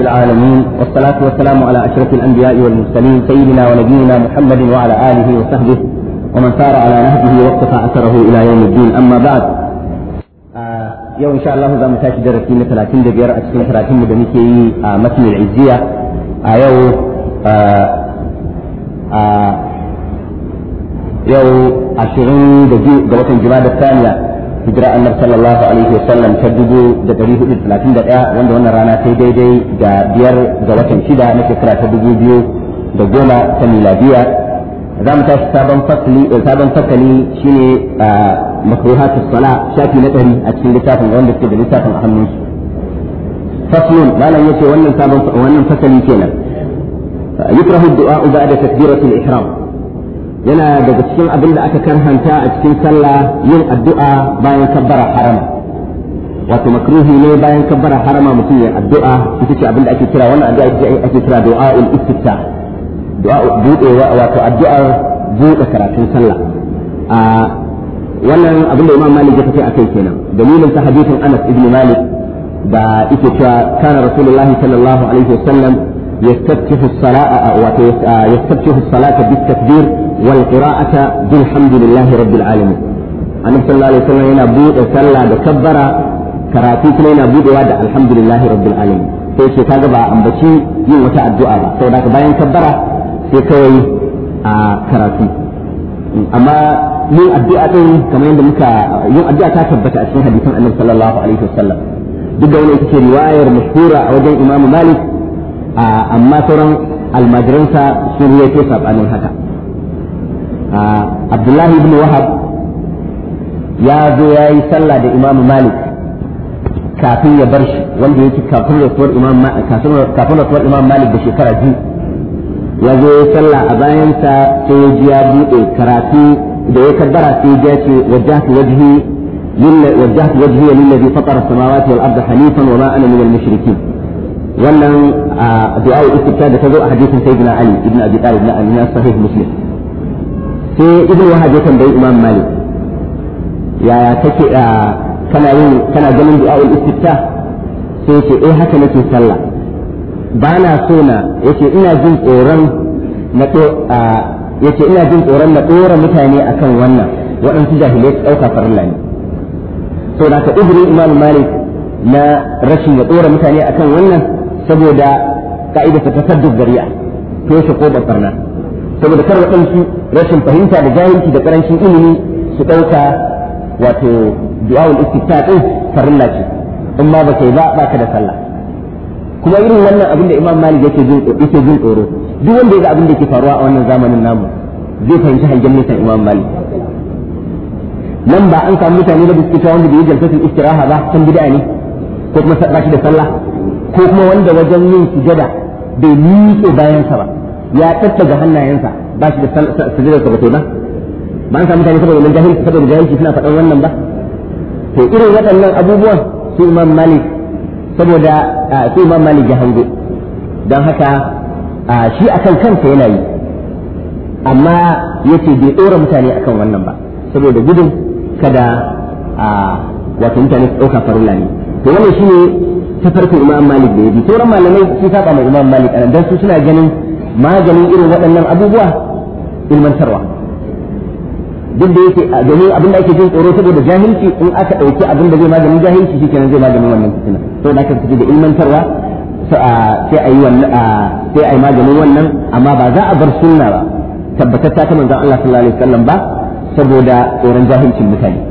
رب العالمين والصلاة والسلام على أشرف الأنبياء والمرسلين سيدنا ونبينا محمد وعلى آله وصحبه ومن سار على نهجه واقتفى أثره إلى يوم الدين أما بعد آه، يوم إن شاء الله إذا متاش درسي 30 دقيقة أتسين 30 دقيقة آه، متن العزية يوم يوم آه 20 آه، دقيقة جوات الجماد الثانية hijira annabi sallallahu alaihi wasallam ta dubu da dari hudu talatin da ɗaya wanda wannan rana ta daidai ga biyar ga watan shida na shekara ta dubu biyu da goma ta miladiya za mu tashi sabon fasali eh, sabon fasali shine ah, makruhatus sala shafi na dari a cikin littafin wanda suke da littafin a hannunsu faslun malam yace wannan sabon wannan fasali kenan yukrahu du'a ba'da takbiratul ihram yana daga cikin abin da aka karhanta a cikin sallah yin addu'a bayan kabbara harama wato makruhi ne bayan kabbara harama mutum ya addu'a ita ce abin da ake kira wannan addu'a ita ake kira du'a'ul istifta du'a budewa wato addu'a buɗe karatun sallah a wannan abin da Imam Malik ya tafi akai kenan dalilin sa hadithin Anas ibn Malik da ita cewa kana Rasulullahi sallallahu alaihi wasallam yastaftihu as-salata wato yastaftihu as-salata bit-takbir والقراءة بالحمد لله رب العالمين النبي صلى الله عليه وسلم هنا بود صلى كبر karatu kuma yana budewa da alhamdulillahi rabbil alamin sai ce kaga ba ambaci yin wata addu'a ba saboda bayan kabbara sai kawai a karatu amma yin addu'a muka yin addu'a ta tabbata a cikin hadisin annabi sallallahu alaihi wasallam duk da wani ita ce riwayar mashhura a wajen imamu malik amma sauran almajiransa sun ruwaito sabanin haka abdullahi ibn wahab ya zo ya yi sallah da imam malik kafin ya bar shi wanda yake kafin rasuwar imam kafin rasuwar imam malik da shekara biyu ya zo ya sallah a bayansa sai ya ji ya buɗe karatu da ya kaddara sai ya ce wajjahtu wajhi وجهت وجهي للذي فطر السماوات والارض حنيفا وما انا من mushrikin wannan du'a istifta da ta zo a hadisin sayyidina ali ibn abi talib na amina sahih muslim sai ibn wahab ya tambayi imam malik yaya kake kana yin kana ganin du'a'ul istifta sai ce eh haka nake sallah ba na so na yace ina jin tsoron na yake ina jin tsoron na dora mutane akan wannan waɗansu jahilai su ɗauka farilla ne to da ka ibrin imam malik na rashin ya dora mutane akan wannan saboda ka'ida ta tasaddud zariya to shi ko da farna saboda kar waɗansu rashin fahimta da jahilci da karancin ilimi su ɗauka wato du'a'ul istifta din farilla ce in ma ba kai ba ba ka da sallah kuma irin wannan abin da imam malik yake jin yake jin tsoro duk wanda ya ga abin da ke faruwa a wannan zamanin namu zai fahimci hangen nisan imam malik nan ba an samu mutane da suke cewa wanda bai jalsatul istiraha ba san bid'a ne ko kuma ba da sallah ko kuma wanda wajen yin sujada bai miƙe bayan sa ba ya tattaga hannayensa ba shi da sujudar sa ba ba an samu mutane saboda mun jahilci saboda jahilci suna faɗan wannan ba to irin waɗannan abubuwan su Imam Malik saboda su Imam Malik ya hango don haka shi akan kansa yana yi amma yace bai ɗora mutane akan wannan ba saboda gudun kada wato mutane su ɗauka farilla ne to wannan shine ta farko imam malik da yaji sauran malamai su saba ma imam malik anan dan su suna ganin maganin irin waɗannan abubuwa ilmantarwa duk da yake a gani abinda da ake jin tsoro saboda jahilci in aka dauki abin da zai maganin jahilci shi kenan zai maganin wannan fitina to da aka fice da ilmantarwa sai a yi wannan sai a yi maganin wannan amma ba za a bar sunna ba tabbatar ta manzon Allah sallallahu alaihi wasallam ba saboda tsoron jahilcin mutane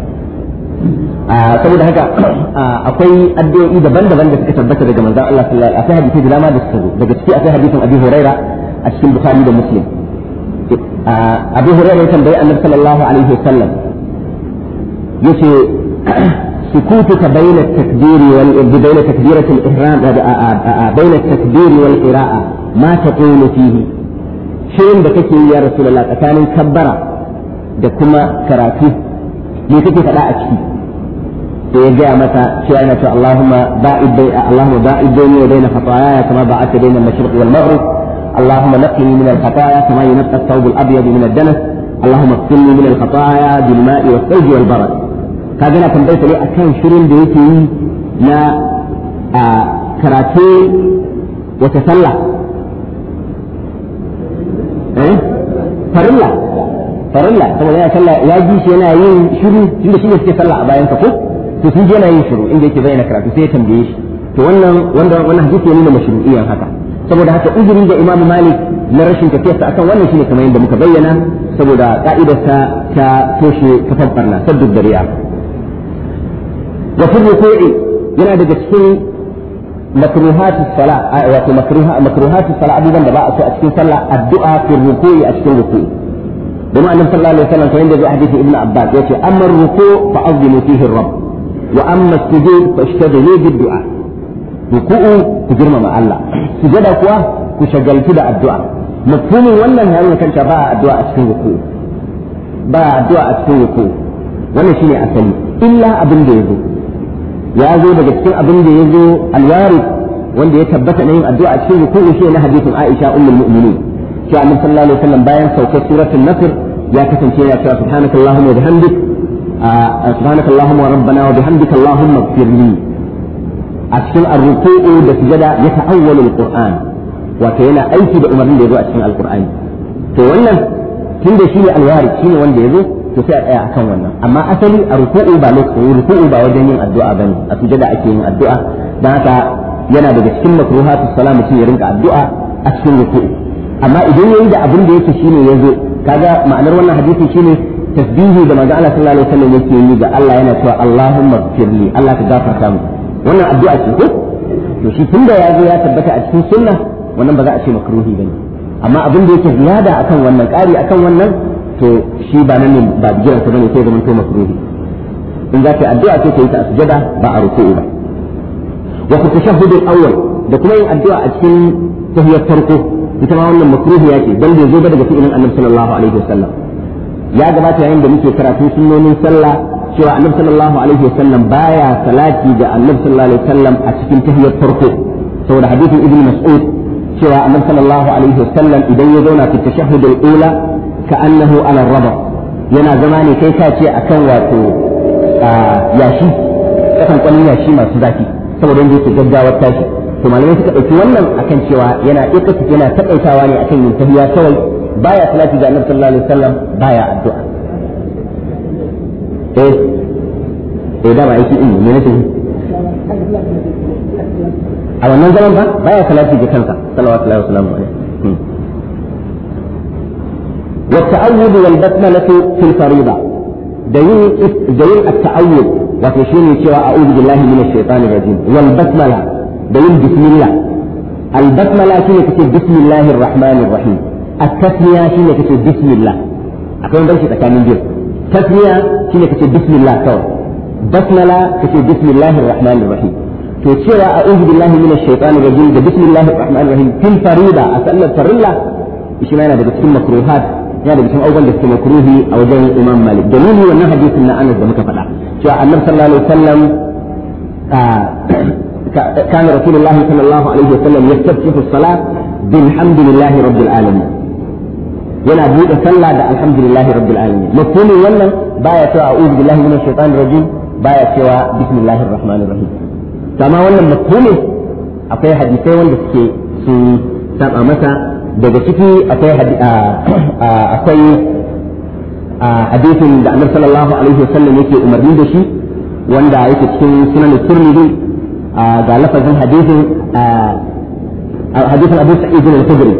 Ah, saboda haka ah, akwai addu'o'i daban-daban da suka tabbata daga manzon Allah sallallahu alaihi wasallam akwai da dama da suka zo daga ciki akwai hadisin Abi Huraira a cikin Bukhari da Muslim ah, Abu Huraira ya tambayi Annabi sallallahu alaihi wasallam yace سكوتك بين التكبير وال... بين تكبيرة الإحرام بين التكبير والقراءة ما تقول فيه شيء بكتي يا رسول الله أكان da kuma karatu. me kake faɗa a ciki sai ya gaya masa sai ana cewa Allahumma ba'id bai Allahumma ba'id bai wa bayna khataaya kama ba'at bayna al-mashriq wal maghrib Allahumma naqqini min al-khataaya kama yunqqa ath-thawb al-abyad min ad-dalas Allahumma ighfirli min al-khataaya bil ma'i wal wal barad kaga na tambaye a kan shirin da yake yi na a karatu wata sallah eh farilla farilla saboda yana sallah ya ji shi yana yin shiru tunda shi ne suke sallah a bayan ka ko to sun je yana yin shiru inda yake bayyana karatu sai ya tambaye shi to wannan wanda wannan hadisi ne nuna mashru'iyan haka saboda haka uzurin da Imam Malik na rashin tafiyarsa akan wannan shine kamar yadda muka bayyana saboda ka'idarsa ta toshe kafar barna saddud dariya wa fi ruku'i yana daga cikin makruhat as-sala wato makruhat makruhat sala abubuwan da ba a so a cikin sallah addu'a fi ruku'i a cikin ruku'i بما أن صلى الله عليه وسلم فعند ذي حديث ابن عباس يأتي أما الركوع فأظلم فيه الرب وأما السجود فاشتغلوا بالدعاء ركوع تجرم مع الله سجد أقوى كشغل كده الدعاء مفهوم ولا نهاية كان شباء الدعاء أسكن ركوع باء الدعاء أسكن ركوع ولا شيء أسلم إلا أبن جيزو يا زو بقى تكون أبن جيزو الوارد وان دي يتبت أن الدعاء أسكن ركوع وشيء نهى حديث عائشة أم المؤمنين cewa annabi sallallahu alaihi wasallam bayan saukar suratul nasr ya kasance ya cewa subhanakallahumma wa bihamdik subhanakallahumma rabbana wa bihamdika allahumma ighfirli a cikin arruku'u da sujada ya ta'awwalu alquran wato yana aiki da umarni da yazo a cikin alqur'ani to wannan tunda shi ne alwari shi ne wanda yazo to sai a tsaya akan wannan amma asali a ruku'u ba lokacin ruku'u ba wajen yin addu'a bane a sujada ake yin addu'a dan haka yana daga cikin makruhatu salam mutum ya rinka addu'a a cikin ruku'u amma idan yayi da abin da yake shine yazo kaga ma'anar wannan hadisi shine tasbihi da manzo Allah sallallahu alaihi wasallam yake yi ga Allah yana cewa Allahumma firli Allah ka gafarta mu wannan addu'a ce ko to shi tunda ya zo ya tabbata a cikin sunna wannan ba za a ce makruhi bane amma abin da yake ziyada akan wannan ƙari akan wannan to shi ba nan ne ba jiran ka bane sai zaman to makruhi in za ka addu'a ce ka yi ta sujada ba a ruku'u ba wa ku tashahhudul awwal da kuma yin addu'a a cikin tahiyyar farko ita ma wannan makruhi yake dan bai zo ba daga fi'ilin annabi sallallahu alaihi wasallam ya gabata yayin da muke karatu sunnonin sallah cewa annabi sallallahu alaihi wasallam baya salati ga annabi sallallahu alaihi wasallam a cikin tahiyyar farko saboda hadisin ibnu mas'ud cewa annabi sallallahu alaihi wasallam idan ya zauna fi tashahhud al-ula ka annahu ala raba yana zama ne kai ka ce akan wato yashi kasan kwanin yashi masu zafi saboda yanda yake gaggawar tashi to malamai suka ɗauki wannan akan cewa yana ikati yana takaitawa ne akan yin tahiyya kawai baya salati ga annabi sallallahu alaihi wasallam baya addu'a eh eh dama yake in ne nake a wannan zaman ba baya salati hmm. da kansa sallallahu alaihi wasallam والتعود والبسملة في الفريضة دليل دليل التعود وفي شيء يقول أعوذ بالله من الشيطان الرجيم والبسملة da yin bismillah albasmala shine kace bismillahir rahmanir rahim at-tasmiya shine kace bismillah akwai banci tsakanin biyu tasmiya shine kace bismillah kawai basmala kace bismillahir rahmanir rahim to cewa a a'udhu billahi minash shaitanir rajim da bismillahir rahmanir rahim fil farida a sallar farilla shi ma yana daga cikin makruhat ya daga cikin abubuwan da suke makruhi a wajen imam malik dalili wannan hadisin na anas da muka faɗa cewa annabi sallallahu alaihi wasallam ah, كان رسول الله صلى الله عليه وسلم يستفتح الصلاة بالحمد لله رب العالمين yana buɗe sallah da alhamdulillahi rabbil alamin mafhumin wannan baya cewa a'udhu billahi minash shaitanir rajim baya cewa bismillahir rahmanir rahim kama wannan mafhumin akwai hadisai wanda suke su masa daga ciki akwai akwai hadisin da annabi sallallahu alaihi wasallam yake umarni da shi wanda yake cikin sunan tirmidhi ga lafazin hadisin hadisin Abu Sa'id al-Khudri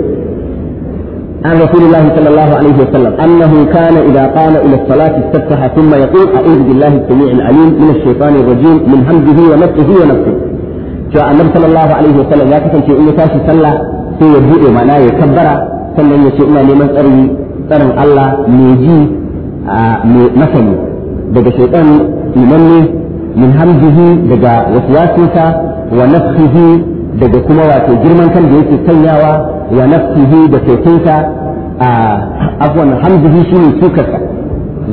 عن رسول الله صلى الله عليه وسلم أنه كان إذا قام إلى الصلاة استفتح ثم يقول أعوذ بالله السميع العليم من الشيطان الرجيم من همزه ونفسه ونفسه cewa annabi sallallahu alaihi wasallam ya kasance in ya tashi sallah sai ya bude mana ya kabbara sannan ya ce ina neman tsari tsarin Allah mai ji mai masani daga shaitan imanni min hamdihi daga waswasinsa wa nafsihi daga kuma wato girman kan da yake sanyawa wa nafsihi da taifinsa a afwan hamdihi shine sukarsa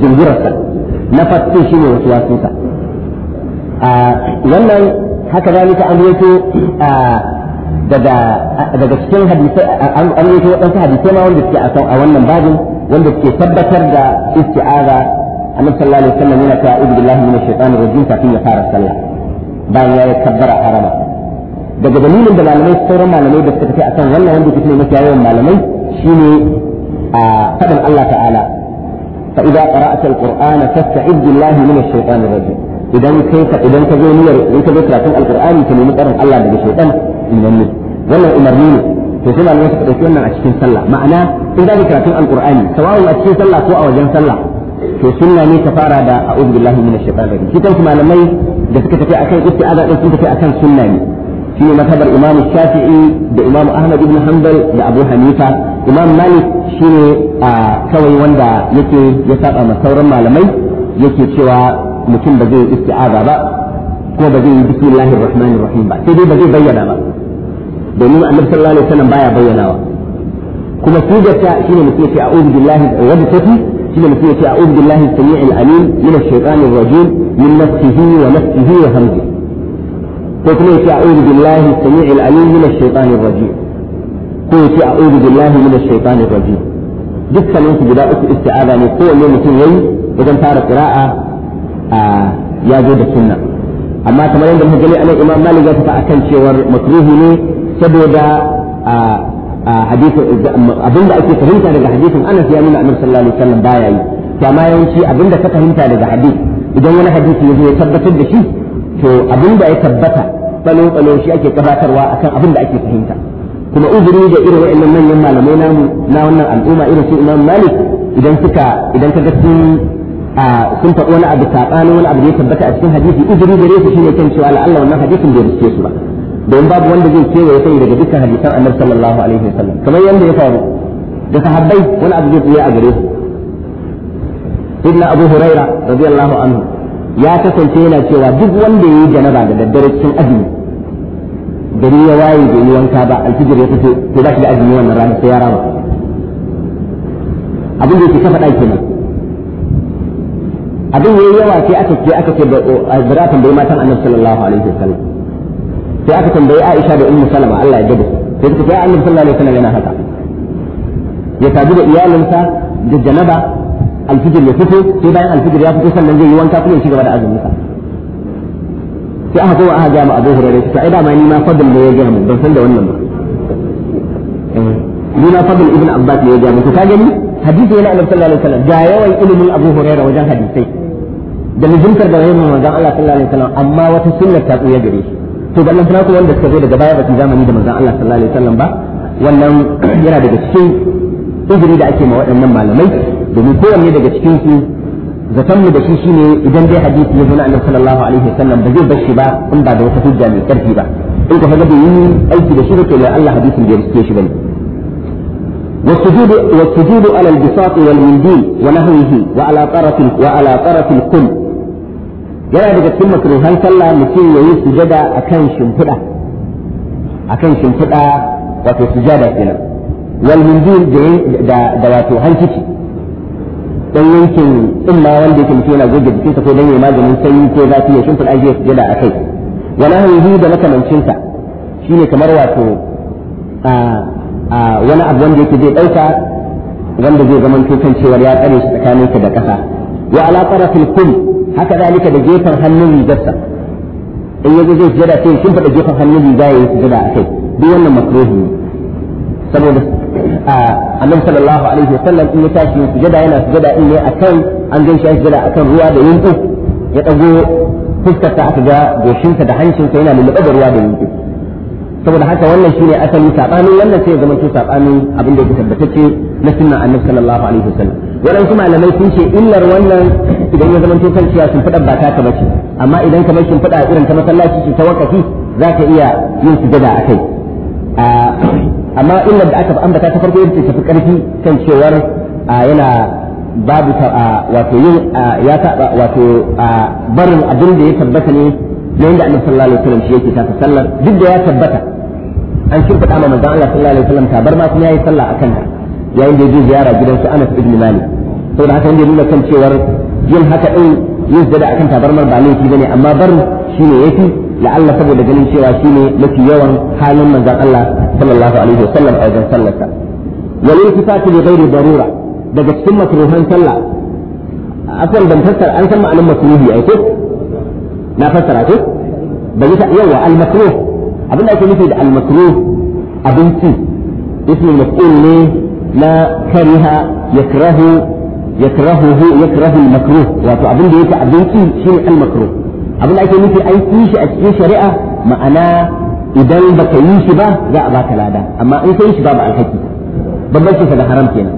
zungurarsa nafas shine waswasinsa wannan haka zalika an yato daga cikin hadisai an yato waɗansu hadisai ma wanda suke a wannan babin wanda suke tabbatar da isti'aza annabi sallallahu alaihi wasallam yana cewa a'udhu billahi minash shaitanir rajim kafin ya fara sallah bayan ya kabbara harama daga dalilin da malamai sauran malamai da suka a kan wannan wanda yake mafi yawan malamai shine a fadin Allah ta'ala fa idza qara'ta al-qur'ana fasta'id billahi minash shaitanir rajim idan kai ka idan ka zo niyyar in ka zo karatun alqur'ani ka nemi tsarin Allah daga shaitan innallahi wannan umarni ne to sai malamai suka dauki wannan a cikin sallah ma'ana in za karatun alqur'ani sawa'u a cikin sallah ko a wajen sallah to sunna ne ka fara da a'udhu billahi minash shaitanir rajim shi kansu malamai da suka tafi akan isti'aza din sun tafi akan sunna ne shi ne mazhabar imam shafi'i da imam ahmad ibn hanbal da abu hanifa imam malik shi ne kawai wanda yake ya saba ma sauran malamai yake cewa mutum ba zai isti'aza ba kuma ba zai yi bismillahir rahmanir rahim ba sai dai ba zai bayyana ba domin annabi sallallahu alaihi wasallam baya bayyanawa kuma su da ta shine mutum yake ce a'udhu billahi wa bi shine mutum yace a'udhu billahi as-sami'il alim min ash-shaytanir rajim min nafsihi wa nafsihi wa hamzi ko kuma yace a'udhu billahi as-sami'il alim min ash-shaytanir rajim ko yace a'udhu billahi min ash-shaytanir rajim dukkanin guda uku isti'aza ne kowanne mutum yayi wajen fara qira'a a ya da sunna amma kamar yadda muka gani anan imam akan cewar makruhi ne saboda a hadisin abinda ake fahimta daga hadisin Anas ya nuna Annabi sallallahu alaihi wasallam baya yi amma yawanci abinda ka fahimta daga hadisi idan wani hadisi ya zo ya tabbatar da shi to abinda ya tabbata tsalo tsalo shi ake gabatarwa akan abinda ake fahimta kuma uzuri da irin wa'annan manyan malamai namu na wannan al'umma irin su Imam Malik idan suka idan ka ga sun sun faɗi wani abu saɓanin wani abu da ya tabbata a cikin hadisi uzuri gare su shine kan cewa la'alla wannan hadisin bai riske su ba don babu wanda zai ya sai daga dukkan hadisan annabi sallallahu alaihi wasallam kamar yadda ya faru da sahabbai wani abu zai tsaye a gare su ibn abu huraira radiyallahu anhu ya kasance yana cewa duk wanda yayi janaba da daddare cikin azumi gari ya waye da yi wanka ba alfijir ya fito to ba da azumi wannan rana sai ya rama abin da yake kafa ɗaki nan abin yayi yawa sai aka ce aka ce da biratan bai matan annabi sallallahu alaihi wasallam sai aka tambayi Aisha da Ummu Salama Allah ya gaba sai suka ce Annabi sallallahu alaihi wasallam yana haka ya tabi da iyalinsa da janaba alfijir ya fito sai bayan alfijir ya fito sannan zai yi wanka kuma ya ci gaba da azumin sa sai aka zo aka ga mu Abu Hurairah sai ai da ma ni ma fadl ne ya ga mu ban san da wannan ba eh, ni ma fadl ibn Abbas ne ya ga mu to ka gani hadisi yana Annabi sallallahu alaihi wasallam ga yawan ilimin Abu Hurairah wajen hadisi da mijintar da rayuwar manzon Allah sallallahu alaihi wasallam amma wata sunnar ta tsoye gare shi to ballan tana kuma wanda suka zo daga baya ba su zamani da manzon Allah sallallahu alaihi wasallam ba wannan yana daga cikin izini da ake ma waɗannan malamai domin kowanne daga cikin su zaton mu da shi shine idan dai hadisi ya zo na annabi sallallahu alaihi wasallam ba zai bashi ba in ba da wata hujja mai karfi ba in ka fada bai yi aiki da shi da kai Allah hadisin bai riske shi bane والسجود والسجود على البساط والمنديل ونهيه وعلى طرف وعلى طرف الكل yana daga cikin makruhan sallah mutum yayi sujada akan shimfiɗa akan shimfiɗa wato sujada kenan wal da da wato hankici dan yankin illa wanda yake mutum yana goge jikinsa ko dan yayi maganin sanyi ko zafi ya shimfiɗa ya sujada akai wala hayyi da makamancinsa shine kamar wato wani abu wanda yake zai dauka wanda zai zama kan cewar ya tsare shi tsakaninka da kasa wa ala tarafil kull haka zalika da gefen hannun rigarsa in yazo zai sujada sai ya kimfada gefen hannun riga ya yi sujada a kai duk wannan makruhi ne saboda annabi sallallahu alaihi wasallam in ya tashi yin sujada yana sujada in ne akan an gan shi sujada akan ruwa da yunku ya dago fuskar ta aka ga goshinsa da hancinsa yana lulluɓe da ruwa da yunku saboda haka wannan shine asali sabanin wannan sai ya zama to sabanin abin da yake tabbatacce na sunnan annabi sallallahu alaihi wasallam waɗansu malamai sun ce illar wannan idan ya zamanto kan cewa shimfiɗar ba ta bace amma idan ka bar shimfiɗa irin ta masallaci ce ta wakafi za ka iya yin gada a kai amma illa da aka ambata ta farko yadda tafi ƙarfi kan cewar yana babu ta wato yin ya wato barin abin da ya tabbata ne yayin da annabi sallallahu alaihi wasallam shi yake ta sallar duk da ya tabbata an shimfiɗa ma manzon Allah sallallahu alaihi wasallam tabar ma kuma yayi sallah akan ta yayin da ya je ziyara gidan su Anas ibn Malik saboda haka inda nuna kan cewar yin haka din yin sujada akan tabarmar ba laifi ne amma bar shi shine yafi la'alla saboda ganin cewa shi ne mafi yawan halin manzon Allah sallallahu alaihi wa sallam a wajen sallarsa wal iltifatu li ghairi darura daga cikin makruhan sallah akan ban fassara an san ma'anar makruhi ai ko na fassara ko ba yasa yawa al makruh abinda ake nufi da al makruh abinci ismi maf'ul ne na kariha yakrahu yakrahuhu yakrahu al-makruh wato abin da yake abinci shine al-makruh abin da ake nufi ai yi shi a cikin shari'a ma'ana idan baka yi shi ba za a baka lada amma in kai shi babu alhaki bambanci da haram kenan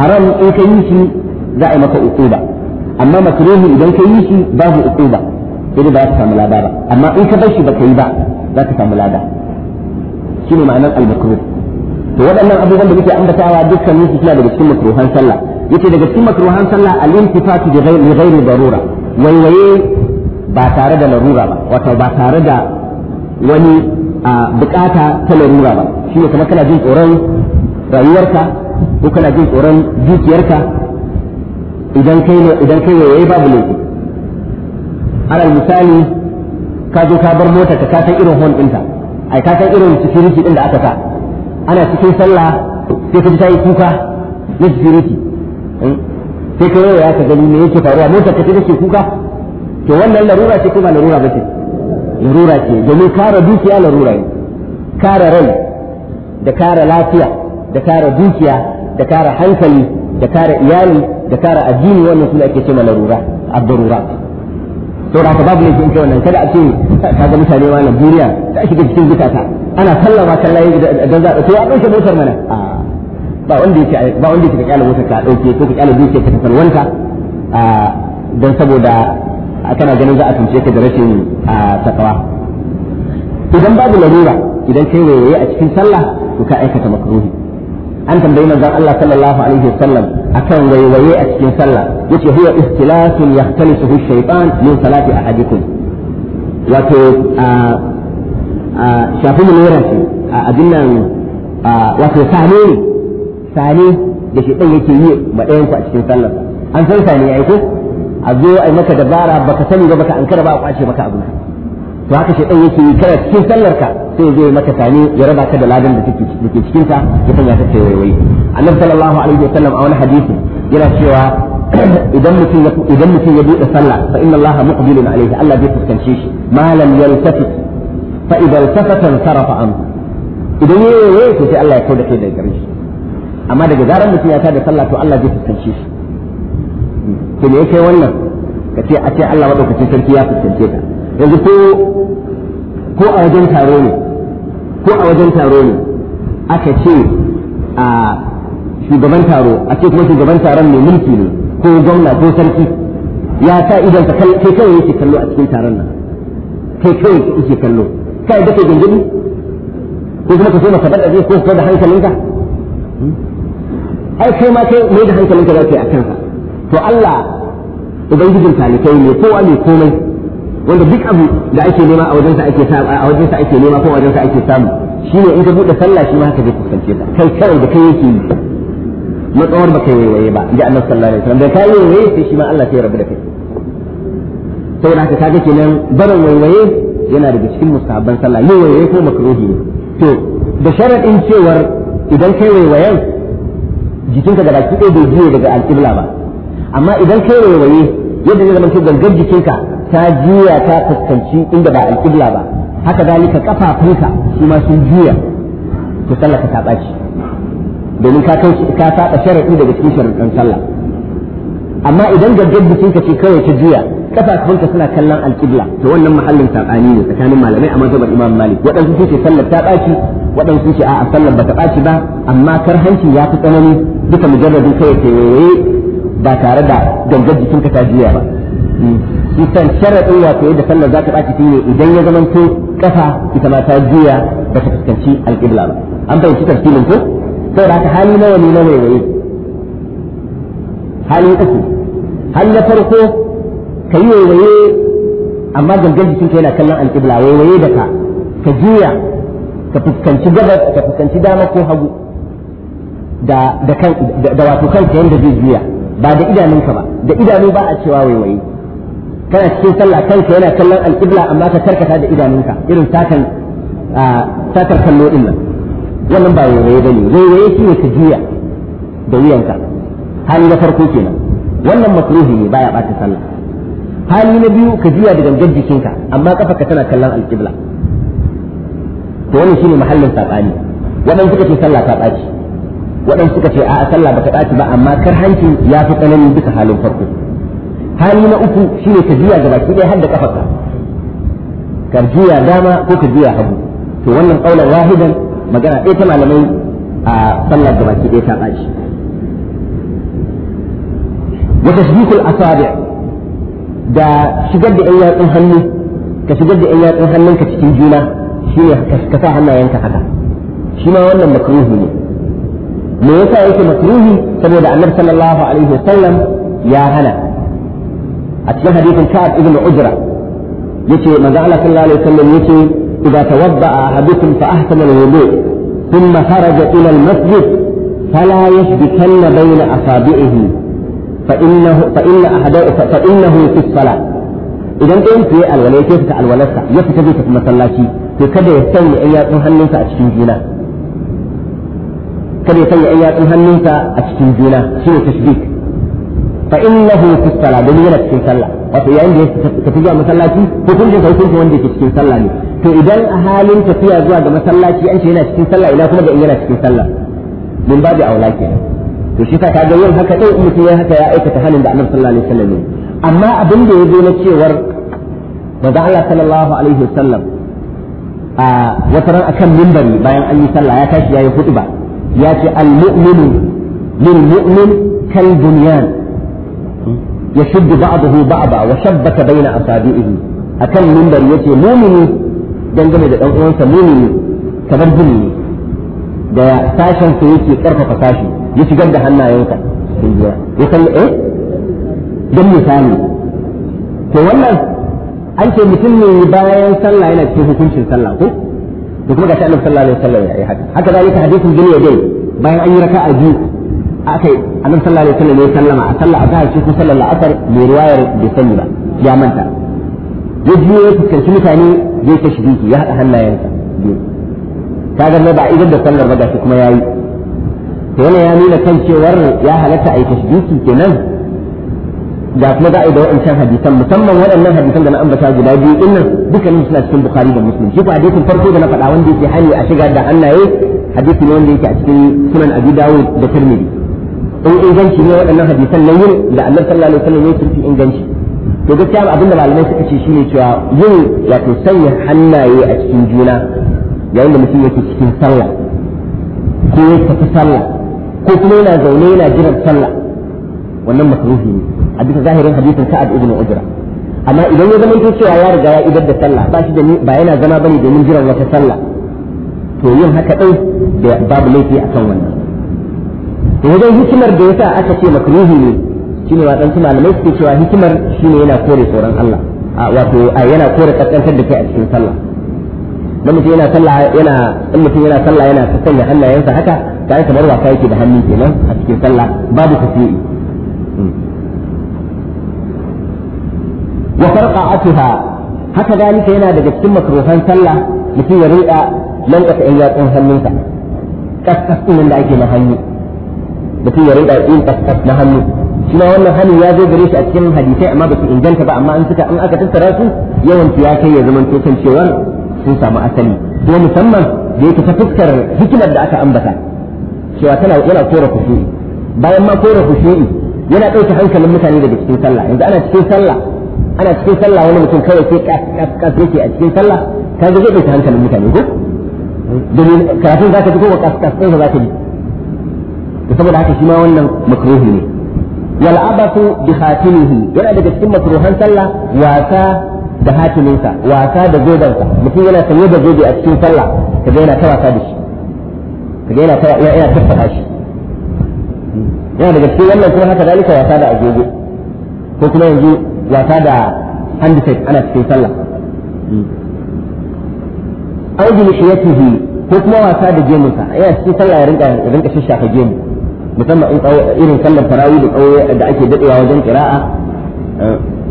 haram in kai yi shi za a yi maka uquba amma makruhi idan kai yi shi babu uquba sai ba ka samu lada ba amma in ka bar shi baka yi ba za ka samu lada shine ma'anar al-makruh to waɗannan abubuwan da muke ambatawa dukkan su suna daga cikin makruhan sallah yace daga cikin makruhan sallah al-intifatu bi ghairi ghairi darura waiwaye ba tare da larura ba wato ba tare da wani bukata ta larura ba shi ne kamar kana jin tsoron rayuwarka ko kana jin tsoron dukiyarka idan kai ne idan kai waiwaye babu laifi alal misali ka zo ka bar motar ka san irin hon ɗinta ai ka san irin security din da aka sa ana cikin sallah sai ka ji ta yi kuka na security sai ka yaya ka gani me yake faruwa motar ka take kuka to wannan larura ce kuma larura bace larura ce domin kare dukiya larura ne kare rai da kare lafiya da kare dukiya da kare hankali da kare iyali da kare addini wannan su ake cewa larura abdarura to da babu ne in wannan kada a ce kaga mutane ma Najeriya ta shiga cikin zukata ana sallama kallaye da za a ɗauke ya dauke motar mana a'a ba wanda yake ba wanda yake kyala motar ka dauke ko ka kyala dukiyar ka ta wanka don saboda kana ganin za a tunce ka da rashin takawa idan babu larura idan kai waye a cikin sallah to ka aikata makruhi an tambayi manzon Allah sallallahu alaihi wasallam akan waiwaye a cikin sallah yace huwa ikhtilatun yakhtalisuhu shaytan min salati ahadikum wato shafi mu a abin nan wato same ne sane da shi ɗan yake yi ma ɗayan ku a cikin sallar an san ya yi ko a zo a yi maka dabara baka sani ba baka ankara ba a kwace maka abu to haka shi ɗan yake yi kana cikin sallar ka sai zai zo ya maka sane ya raba ka da ladan da take cikin ta ya sanya ta kai waiwai annabi sallallahu alaihi wa wasallam a wani hadisi yana cewa idan mutum ya idan mutum ya bude sallah fa inna allaha muqbilun alaihi allah zai fuskance shi malam yaltafit fa idan tafatan sarafa an idan yayi yayi sai Allah ya kauda kai daga gare shi amma daga zaran mutum ya tada sallah to Allah zai fuskance shi to me yake wannan ka ce a ce Allah madaukakin sarki ya fuskance ka yanzu ko ko a wajen taro ne ko a wajen taro ne aka ce a shugaban taro a ce kuma shugaban taron mai mulki ne ko gwamna ko sarki ya sa idan ka kai kawai yake kallo a cikin taron nan kai kawai yake kallo kai da kai gindin ko kuma ka so maka bada zai ko ka da hankalinka ai kai ma kai mai da hankalin ka zaka yi akan sa to Allah ubangijin talikai ne kowa ne komai wanda duk abu da ake nema a wajensa ake samu a wajensa ake nema ko a wajensa ake samu shine in ka bude sallah shi ma haka zai kusance ka kai kai da kai yake yi matsawar ba kai waiwaye ba ji allah sallallahu alaihi wasallam da kai waiwaye sai shi ma Allah sai ya rabu da kai saboda haka kaga kenan barin waiwaye yana daga cikin musabban sallah yin waiwaye ko makruhi ne to da sharadin cewar idan kai waiwayen jikinka da baki ɗaya bai jiye daga alƙibla ba amma idan kai waiwaye yadda zai zama gangar jikinka ta juya ta fuskanci inda ba alƙibla ba haka dalika kafafunka su ma sun juya to sallah ta saba ci domin ka kai ka saba sharadi daga cikin sharadin sallah amma idan gangar jikinka ce kawai ta juya kafafunka suna kallon alƙibla to wannan mahallin saɓani ne tsakanin malamai a mazhabar Imam Malik waɗansu sun ce sallar ta ɓaci waɗansu ce a'a sallar ta ɓaci ba amma karhanci ya fi tsanani duka mujarrabin kai ke waye ba tare da gangar ka ta jiya ba shi sharaɗin sharadin wato yadda sallar za ta ɓaci shine idan ya to kafa ita ma ta jiya ba ta fuskanci alƙibla ba an fahimci tafsirin ko da haka hali nawa ne na waiwaye hali uku hali na farko ka yi waiwaye amma gangan jikinka yana kallon alƙibla waiwaye da ka ka juya ka fuskanci gabas ka fuskanci dama ko hagu da da kan da wato kanka yanda zai juya ba da idanunka ba da idanu ba a cewa waiwaye kana cikin sallah kanka yana kallon alƙibla amma ka karkata da idanunka irin sakan satar kallo din nan wannan ba waiwaye bane waiwaye shi ne ka juya da wuyanka hali na farko kenan wannan makruhi ne baya ɓata sallah hali na biyu ka juya da gangar jikinka amma kafarka tana kallon alƙibla to wannan shine mahallin saɓani waɗansu suka ce sallah ta ɓaci waɗansu suka ce a'a sallah baka ɓaci ba amma kar hanci ya fi tsanani duka halin farko hali na uku shine ka juya ga baki ɗaya har da kafarka ka juya dama ko ka juya hagu to wannan ƙaunar wahidan magana ɗaya ta malamai a sallar da baki ɗaya ta ɓaci وتشبيك الأصابع da shigar da 'yan yatsun hannu ka shigar da 'yan yatsun hannunka cikin juna shi ne ka sa hannayenka haka shi ma wannan makruhi ne me yasa yake makruhi saboda annabi sallallahu alaihi wasallam ya hana a cikin hadisin ka'ab ibn ujra yace manzo Allah sallallahu alaihi wasallam yace idza tawadda ahadukum fa ahsana al-wudu thumma kharaja ila al-masjid fala yashbikanna bayna asabi'ihi فإنه فإن أحد فإنه في الصلاة idan ɗayan ku ya alwala ya ta alwalarsa ya fita zai tafi masallaci kada ya sanya ɗan yatsun hannunsa a cikin juna kada ya sanya ɗan yatsun hannunsa a cikin juna shine tashbik fa innahu fi salat domin yana cikin sallah wato tafi wanda cikin sallah ne to idan a halin tafiya zuwa ga masallaci an ce yana cikin sallah ina kuma ga yana cikin sallah min babu aula kenan to shi ta kaga yin haka ɗin mutum ya haka ya aikata halin da annabi sallallahu alaihi wasallam amma abin da ya zo na cewar manzo Allah sallallahu alaihi wasallam a wata ran akan mimbari bayan an yi sallah ya tashi yayi hutuba ya ce al-mu'minu lil mu'min kal bunyan yashuddu ba'dahu ba'da wa shabbaka bayna asabi'ihi akan mimbari yace mu'mini dangane da dan uwansa mu'mini kamar jini da sashen su yake karfafa sashi ya shigar da hannayenka ya san eh dan misali to wannan an ce mutum ne bayan sallah yana cikin hukuncin sallah ko da kuma gashi annabi sallallahu alaihi wasallam ya yi haka haka zalika hadisin jini ya dai bayan an yi raka'a biyu akai annabi sallallahu alaihi wasallam ya sallama a sallah azhar shi ko sallar la'asar mai riwayar bai sani ba ya manta ya biyo ya fuskanci mutane zai ta shiriki ya haɗa hannayensa biyu kaga na ba idan da sallar baga shi kuma yayi to wannan ya nuna kan cewar ya halatta a yi tashbihi kenan da kuma za a yi da hadisan musamman waɗannan hadisan da na ambata guda biyu din nan dukkanin suna cikin bukhari da muslim shi ko hadisin farko da na faɗa wanda yake hani a shiga da hannaye hadisi ne wanda yake a cikin sunan abi dawud da tirmidhi in inganci ne waɗannan hadisan na yin da annabi sallallahu alaihi wasallam ya turfi inganci to gaskiya abinda malamai suka ce shine cewa yin wato sanya hannaye a cikin juna yayin da mutum yake cikin sallah ko ya tafi sallah ko kuma yana zaune yana jiran sallah wannan makruhi ne a duka zahirin hadisin sa'ad ibn ujra amma idan ya zama to cewa ya riga ya idar da sallah ba shi da ba yana zama bane domin jiran wata sallah to yin haka din da babu laifi akan wannan to wajen hikimar da yasa aka ce makruhi ne shine wa dan malamai suke cewa hikimar shine yana kore tsoron Allah wato yana kore kaskantar da kai a cikin sallah dan mutum yana sallah yana in mutum yana sallah yana ta sanya hannayensa haka kai kamar wasa yake da hannu kenan a cikin sallah babu tafiyi wa farqa'atuha haka dalika yana daga cikin makruhan sallah mutum ya riƙa lanƙasa ɗan yatsun hannunsa kaskas ɗin da ake na hannu mutum ya riƙa yin kaskas na hannu shi ma wannan hannu ya zo gare shi a cikin hadisai amma ba su inganta ba amma an suka in aka tattara su yawanci ya kai ya zama kan cewar sun samu asali ko musamman da yake ta fuskar hikimar da aka ambata cewa tana yana kora kusuri bayan ma kora kusuri yana ɗauke hankalin mutane daga cikin sallah yanzu ana cikin sallah ana cikin sallah wani mutum kawai sai kas yake a cikin sallah kaga zai ɗauke hankalin mutane ko domin karatun zaka ji ko kas kas ɗin zaka ji saboda haka shi ma wannan makruhi ne wal bi khatimihi yana daga cikin makruhan sallah wasa da hatiminsa wasa da zobensa mutum yana sanye da zobe a cikin sallah kaga yana ta wasa da shi kaga yana ta yana tattaka shi yana daga cikin wannan kuma haka dalika wasa da agogo ko kuma yanzu wasa da handset ana cikin sallah audi lishiyatihi ko kuma wasa da gemunsa yana cikin sallah ya rinka ya rinka shishafa gemu musamman irin sallar tarawih da da ake dadewa wajen qira'a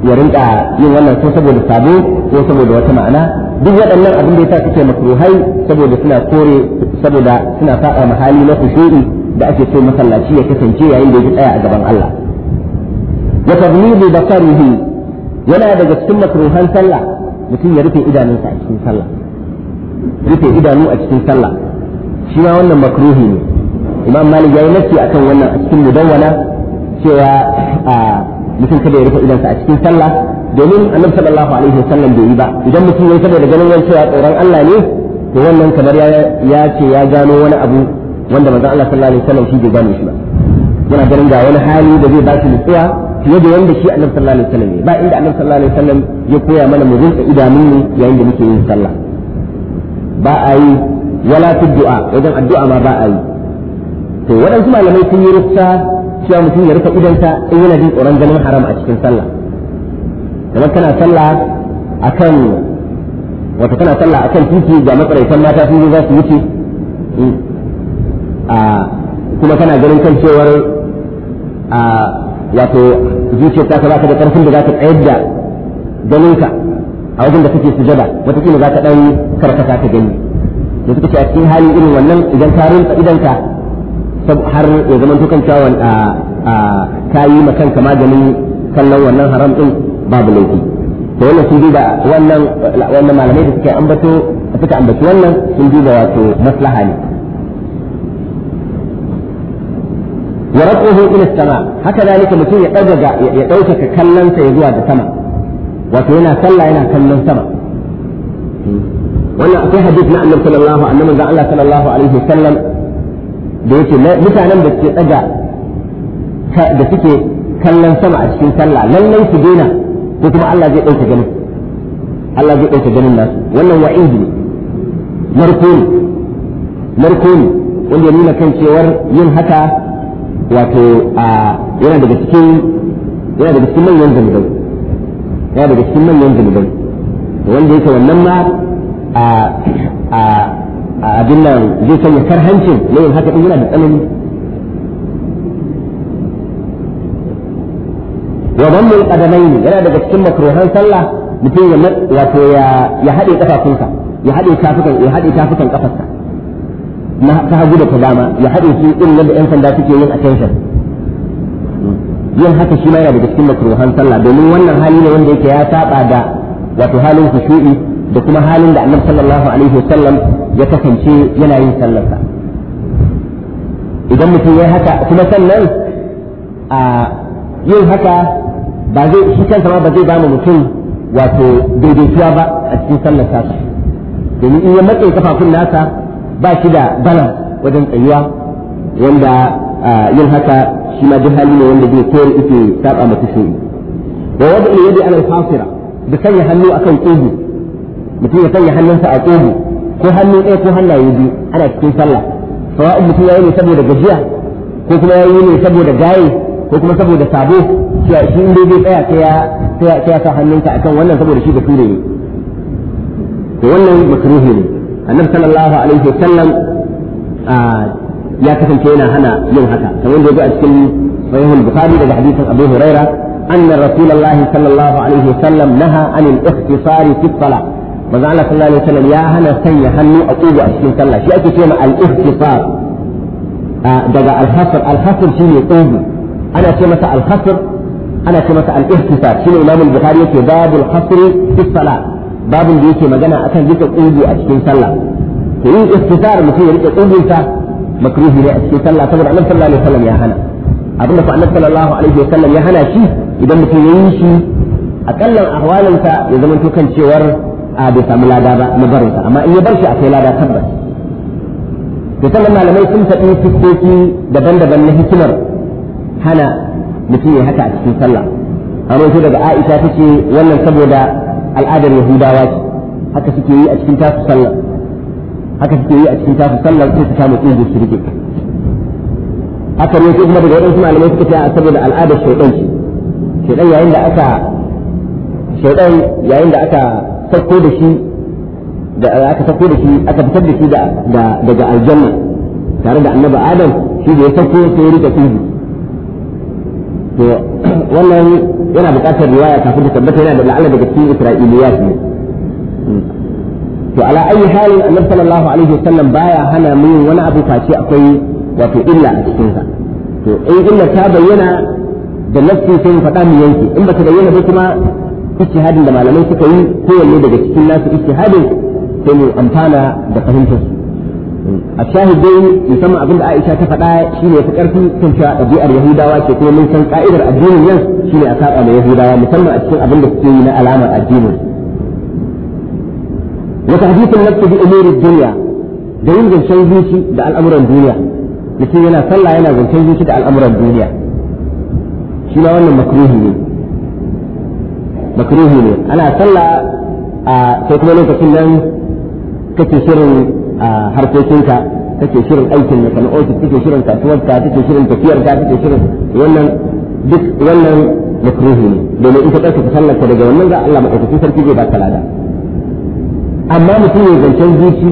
ya rinka yin wannan ko saboda sabo ko saboda wata ma'ana duk waɗannan abin da yasa suke makruhai saboda suna kore saboda suna faɗa mahali na khushu'i da ake so masallaci ya kasance yayin da ya tsaya a gaban Allah wa taghlibu basarihi yana daga cikin makruhan sallah mutum ya rufe idanunsa a cikin sallah rufe idanu a cikin sallah shi ma wannan makruhi ne imam malik ya yi nasi akan wannan a cikin mudawwana cewa a mutum kada ya rufe idansa a cikin sallah domin annabi sallallahu alaihi wasallam bai yi ba idan mutum ya da ganin cewa tsoron Allah ne to wannan kamar ya ce ya gano wani abu wanda manzon Allah sallallahu alaihi wasallam shi bai gane shi ba yana ganin ga wani hali da zai ba shi nutsuwa fiye da wanda shi annabi sallallahu alaihi wasallam ne ba inda annabi sallallahu alaihi wasallam ya koya mana mu rinka idanun mu yayin da muke yin sallah ba a yi wala fi du'a idan addu'a ma ba a yi to waɗansu malamai sun yi rufsa cewa mutum ya rufe idonsa in yana jin tsoron ganin haram a cikin sallah kamar kana sallah akan wato kana sallah akan titi ga matsaraitan mata sun zo za su wuce eh, kuma kana ganin kan cewar wato zuciyar ta baka da karfin da za ta tsayar da ganinka a wajen da kake sujada wataƙila za ka ɗan karkata ka gani da suka ce a cikin hali irin wannan idan ka rinsa idanka har ya zama tukan cewa ka yi makan kama ganin kallon wannan haram din babu laifi to wannan sun duba wannan wannan malamai da suka ambato suka ambaci wannan sun duba wato maslaha ne Ya wa rafuhu ila sama haka zalika mutum ya daga ya dauka kallon sa ya zuwa da sama wato yana sallah yana kallon sama wannan akwai hadith na annabi sallallahu alaihi wasallam Allah sallallahu alaihi wasallam da yake mutanen da suke tsaga da suke kallon sama a cikin sallah lallai su daina ko kuma Allah zai ɗauka ganin Allah zai ɗauka ganin nasu wannan wa'idi ne narko ne narko ne wanda ya nuna kan cewar yin haka wato yana daga cikin yana daga cikin manyan zanubai yana daga cikin manyan zanubai wanda yake wannan ma a a abin nan zai sanya karhancin na yin haka ina yana da tsanani wa dan mun kadamai yana daga cikin makruhan sallah mutum ya wato ya ya hade kafafunsa ya hade tafukan ya hade tafukan kafarsa na ta hagu da ta dama ya hade su irin da yan sanda suke yin attention yin haka shi ma yana daga cikin makruhan sallah domin wannan hali ne wanda yake ya saba da wato halin khushu'i da kuma halin da annabi sallallahu alaihi wasallam ya kasance yana yin sallarsa idan mutum ya haka kuma sannan a yin haka ba zai shi kansa ba zai bamu mutum wato daidaituwa ba a cikin sallar sa domin in ya matse kafafun nasa ba shi da bala wajen tsayuwa wanda yin haka shi ma duk hali ne wanda zai koyar ke saba mata shi wa wada ila yadi al-fasira da sanya hannu akan kugu mutum ya sanya hannunsa a ƙogo ko hannu ɗaya ko hannaye biyu ana cikin sallah sawa'un mutum ya yi ne saboda gajiya ko kuma ya yi ne saboda gaye ko kuma saboda sabo shi inda zai tsaya sai ya sa a kan wannan saboda shi bature ne to wannan makruhi ne annabi sallallahu alaihi wa sallam ya kasance yana hana yin haka kamar da ya a cikin sahihul bukhari daga hadisin abu hurairah أن رسول الله صلى الله عليه وسلم نهى عن الاختصار في الصلاة manzo Allah sallallahu alaihi wasallam ya hana sanya hannu a kugu a cikin sallah shi ake cewa al-ihtifar daga al-hasr al-hasr shine kugu ana ce masa al-hasr ana ce masa al-ihtifar shine Imam al-Bukhari yake babul hasr fi salat babun da yake magana akan duka kugu a cikin sallah to yin ihtifar mutum ya rike kugunsa makruhi ne a cikin sallah saboda Annabi sallallahu alaihi wasallam ya hana abinda ku Annabi sallallahu alaihi wasallam ya hana shi idan mutum ya yi shi a kallon ahwalinsa ya zama to kan cewar a bai samu lada ba na barinsa amma in ya bar shi a kai lada tabbas da sannan malamai sun faɗi fitoki daban-daban na hikimar hana mutum ya haka a cikin sallah an rawaito daga Aisha ta ce wannan saboda al'adar Yahudawa ce haka suke yi a cikin tasu sallah haka suke yi a cikin tasu sallah sai su samu tsingo su rike haka ne kuma daga waɗansu malamai suka ce a saboda al'adar shaidan ce shaidan yayin da aka shaidan yayin da aka sauko da shi da aka sauko da shi aka fitar da shi daga aljanna tare da annabi adam shi da ya sauko sai ya rika ihu to wannan yana buƙatar riwaya kafin ta tabbata yana da la'ala daga cikin isra'iliya ne hmm. to ala ayi halin annabi sallallahu alaihi wasallam baya hana mu wani abu face akwai wato illa a cikin sa to in illa ta bayyana da nafsi sai mu faɗa mu yanke in ba ta bayyana ba kuma ijtihadin da malamai suka yi kowanne daga cikin nasu ijtihadin sai mu amfana da fahimtar su a shahidai musamman abinda Aisha ta faɗa shine fi karfi kan cewa ɗabi'ar Yahudawa ke kuma mun san ka'idar addinin shi shine a saba da Yahudawa musamman a cikin abin da suke yi na alamar addinin wata hadisin nafsi bi umuri duniya da yin zancen zuci da al'amuran duniya mutum yana sallah yana zancen zuci da al'amuran duniya shi ma wannan makruhi ne makruhi ne ana sallah sai kuma lokacin nan kake shirin harkokinka kake shirin aikin da na ofis kake shirin ka kake shirin tafiyar ka kake shirin wannan duk wannan makruhi ne domin in ka ɗauka sallarka daga wannan ga Allah maɗaukakin sarki zai ba ka lada amma mutum ya zancen zuci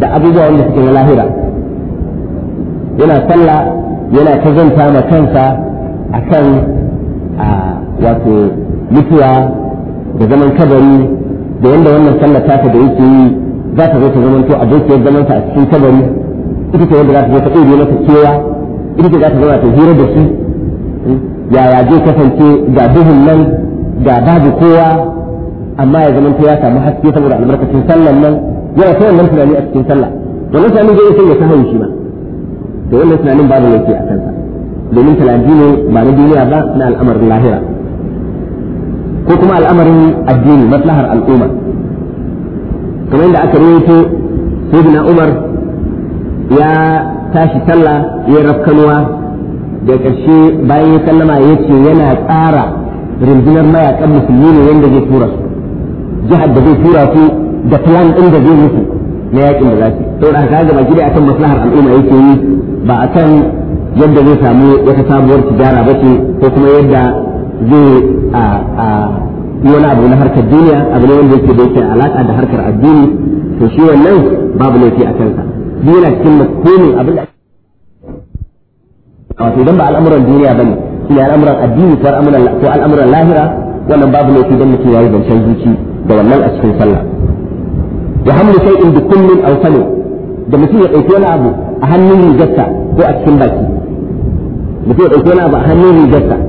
da abubuwa wanda suke na lahira yana sallah yana ta zanta ma kansa akan wato mutuwa da zaman kabari da yadda wannan sallar ta da yake yi za ta zo ta zaman to a dokiyar zaman ta a cikin kabari ita ce wanda za ta zo ta ɗaure masa kewa ita ce za ta zo ta hira da shi yaya zai kasance ga duhun nan ga babu kowa amma ya zaman ya samu haske saboda albarkacin sallan nan yana ta wannan tunani a cikin sallah wannan tunanin zai iya ta sahawi shi ba da wannan tunanin babu yake a kansa domin tunani ne ba na duniya ba na al'amarin lahira ko kuma al'amarin addini maslahar al'umma kamar yadda aka rawaito sayyidina Umar ya tashi sallah ya rafkanuwa da ƙarshe bayan ya sallama ya ce yana tsara rundunar mayakan musulmi ne wanda zai tura su jihar da zai tura su da plan ɗin da zai musu na yakin da za su da haka ga baki akan maslahar al'umma yake yi ba akan yadda zai samu wata sabuwar tijara ba ce ko kuma yadda zai a yi wani abu na harkar duniya abu ne wanda yake da yake alaƙa da harkar addini to shi wannan babu laifi a kansa duk yana cikin mafhumin abin da wato idan ba al'amuran duniya bane shi al'amuran addini ko al'amuran ko al'amuran lahira wannan babu laifi dan mutum yayi zancen zuci da wannan a cikin sallah ya hamlu shay'in bi kullin aw salu da mutum ya dauki wani abu a hannun rigarsa ko a cikin baki mutum ya dauki wani abu a hannun rigarsa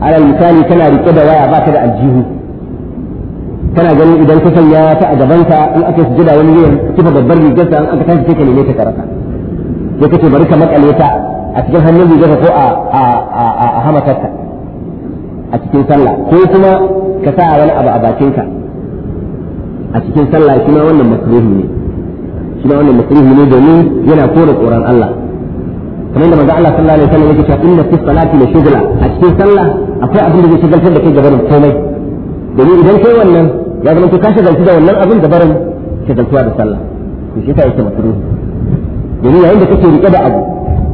alal misali kana rike da waya ba ta da aljihu kana ganin idan ka sanya ta a gabanka in aka sujada wani yayin kifa babbar rigarsa an aka tashi take ne ta karata ya kace bari ka makale ta a cikin hannun rigarka ko a a a a ta a cikin sallah ko kuma ka sa wani abu a bakinka a cikin sallah shi ma wannan makruhi ne shi ma wannan makruhi ne domin yana kore tsoron Allah kamar da manzo Allah sallallahu alaihi wasallam yake cewa inna fi salati la shugla a cikin sallah akwai abin da zai shagaltar da kai gaban komai domin idan kai wannan ya zama to ka shagaltu da wannan abin da barin shagaltuwa da sallah to shi ya yake makruh domin yayin da kake rike da abu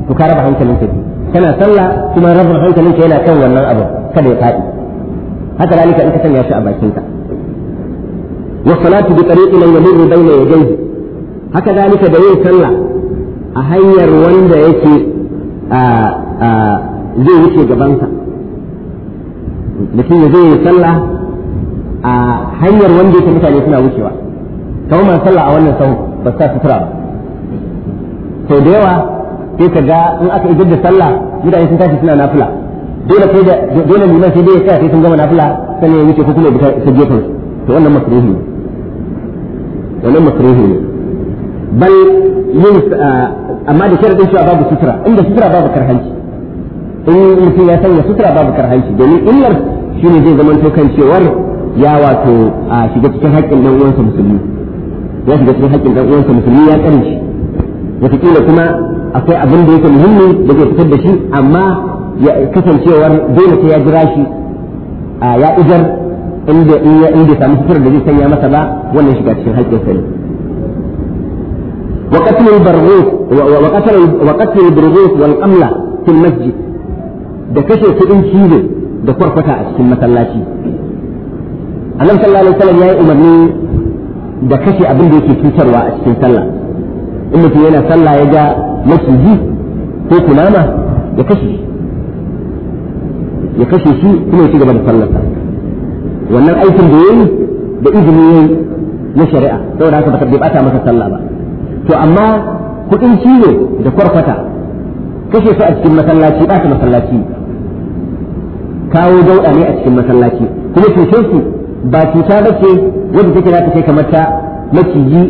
to ka raba hankalinka kana sallah kuma raba hankalinka yana kan wannan abu kada ya fadi haka lalika in ka sanya shi a bakinka والصلاة بطريق من bayna yadayhi haka هكذا da yin sallah. a hanyar wanda yake zai wuce gabansa mutum ya zai yi sallah a hanyar wanda yake mutane suna wucewa kawo man sallah a wannan sahun ba sa sutura ba sau da yawa sai ka ga in aka idar da sallah mutane sun tashi suna nafila dole sai da dole sai dai ya tsaya sai sun gama nafila sannan ya wuce ko kuma ya bi ta gefen to wannan masruhi ne wannan masruhi ne bal yin ah, amma da sharadin cewa babu sutura inda sutura babu karhanci in mutum ya sanya sutura babu karhanci domin illar shine zai zama to kan cewar ya wato a ah, shiga cikin haƙƙin dan uwansa musulmi ya shiga cikin haƙƙin dan uwansa musulmi ya tsare shi wataƙila kuma akwai abin da yake muhimmi da zai fitar da shi amma ya kasancewar dole sai ya jira shi ah, ya ijar inda inda samu sutura da zai sanya masa ba wannan shiga cikin haƙƙin sa ne وقتل البرغوث وقتل وقتل البرغوث والأملة في المسجد ده كشف كدين شيله ده كرفة في المسلاتي النبي صلى الله عليه وسلم يا أمرني ده كشف أبن دي في تويتر وأسفل سلة إنه في هنا صلى يجا مسجد في كلامة ده كشف ya kashe shi kuma ya ci gaba da sallarsa wannan aikin da yayi da izini na shari'a saboda haka ba ta bata masa sallah ba to amma kuɗin shi ne da kwarkwata kashe su a cikin masallaci ba ta masallaci kawo dauɗa ne a cikin masallaci kuma cutar su ba cuta ba ce wadda take za ta kai kamar ta maciji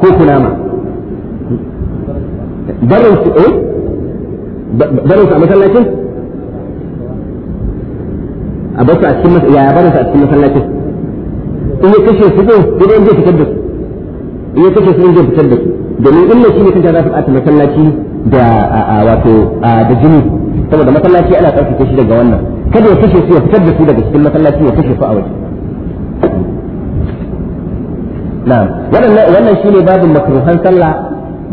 ko kunama barin su eh barin su a masallacin a basu a cikin ya barin su a cikin masallacin in ya kashe su ne idan zai fitar da su in ya kashe sun zai fitar da su domin in illa shi ne kanta za su ɓata masallaci da wato da jini saboda masallaci ana tsarkake shi daga wannan kada ya kashe su ya fitar da su daga cikin masallaci ya kashe su a waje na'am wannan wannan shine babin makruhan sallah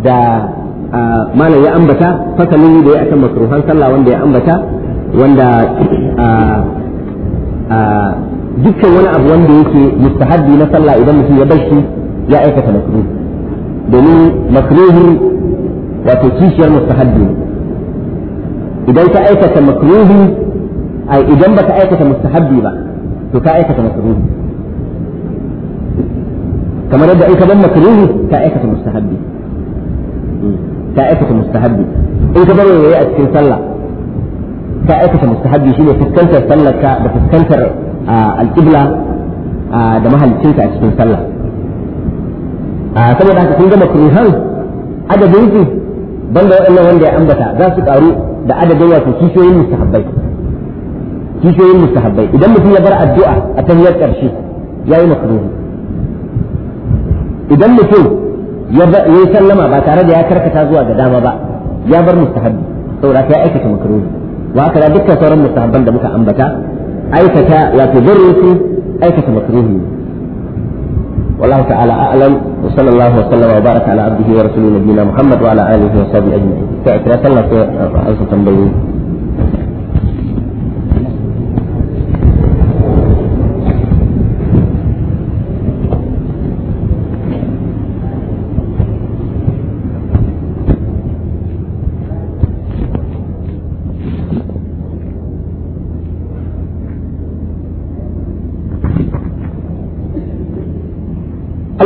da malam ya ambata fasalin da ya akan makruhan sallah wanda ya ambata wanda dukkan wani abu wanda yake mustahabbi na sallah idan mutum ya bar shi ya aikata makruhi domin makruhi wato kishiyar mustahabbi idan ka aikata makruhi ai idan ka aikata mustahabbi ba to ka aikata makruhi kamar yadda in ka bar makruhi ka aikata mustahabbi hmm. ka aikata mustahabbi in ka bar yayi a cikin sallah ka aikata mustahabbi shine fuskantar sallar ka da fuskantar ah, al-qibla ah, da mahallicinka a cikin sallah a saboda haka kun gama makruhan adadin su banda wannan wanda ya ambata za su karu da adadin wato kishiyoyin mustahabbai kishiyoyin mustahabbai idan mutum ya bar addu'a a tahiyar karshe yi makruhi idan mutum ya yi sallama ba tare da ya karkata zuwa ga dama ba ya bar mustahabbi saboda ya aikata makruhi wa haka da dukkan sauran mustahabban da muka ambata aikata wato zarrusu aikata ne والله تعالى أعلم وصلى الله وسلم وبارك على عبده ورسوله نبينا محمد وعلى آله وصحبه أجمعين. تعرف لا تلا في أنصت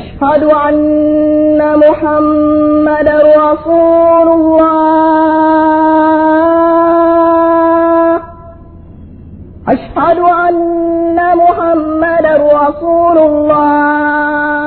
أشهد أن محمد رسول الله أشهد أن محمد رسول الله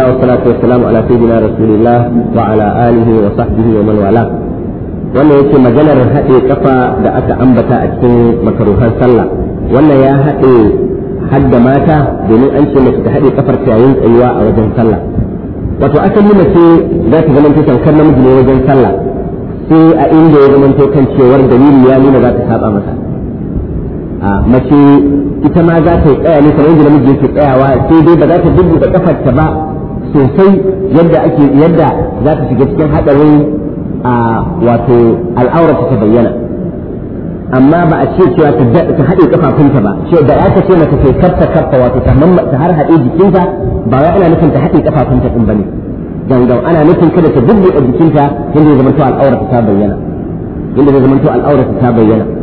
الله والصلاة والسلام على سيدنا رسول الله وعلى آله وصحبه ومن والاه wannan yake maganar haɗe ƙafa da aka ambata a cikin makaruhan sallah wannan ya haɗe hadda mata domin an ce mace ta haɗe ƙafar ta yayin tsayuwa a wajen sallah wato asali mace za ta zama ta tamkar namiji ne wajen sallah sai a inda ya zama to kan cewar dalili ya nuna za ta saba masa a mace ita ma za ta yi tsaya ne kamar yadda namiji yake tsayawa sai dai ba za ta dubu da kafarta ba sosai yadda ake yadda za ta shiga cikin haɗarin a wato al'aura ta bayyana amma ba a ce cewa ta haɗe kafafunta ba ce da aka ce mata ce kafta kafta wato ta har haɗe jikinta ba wai ana nufin ta haɗe kafafunta din bane gangan ana nufin kada ta bubbuɗe jikinta yadda ya zama to al'aura ta bayyana yadda ya zama to al'aura ta bayyana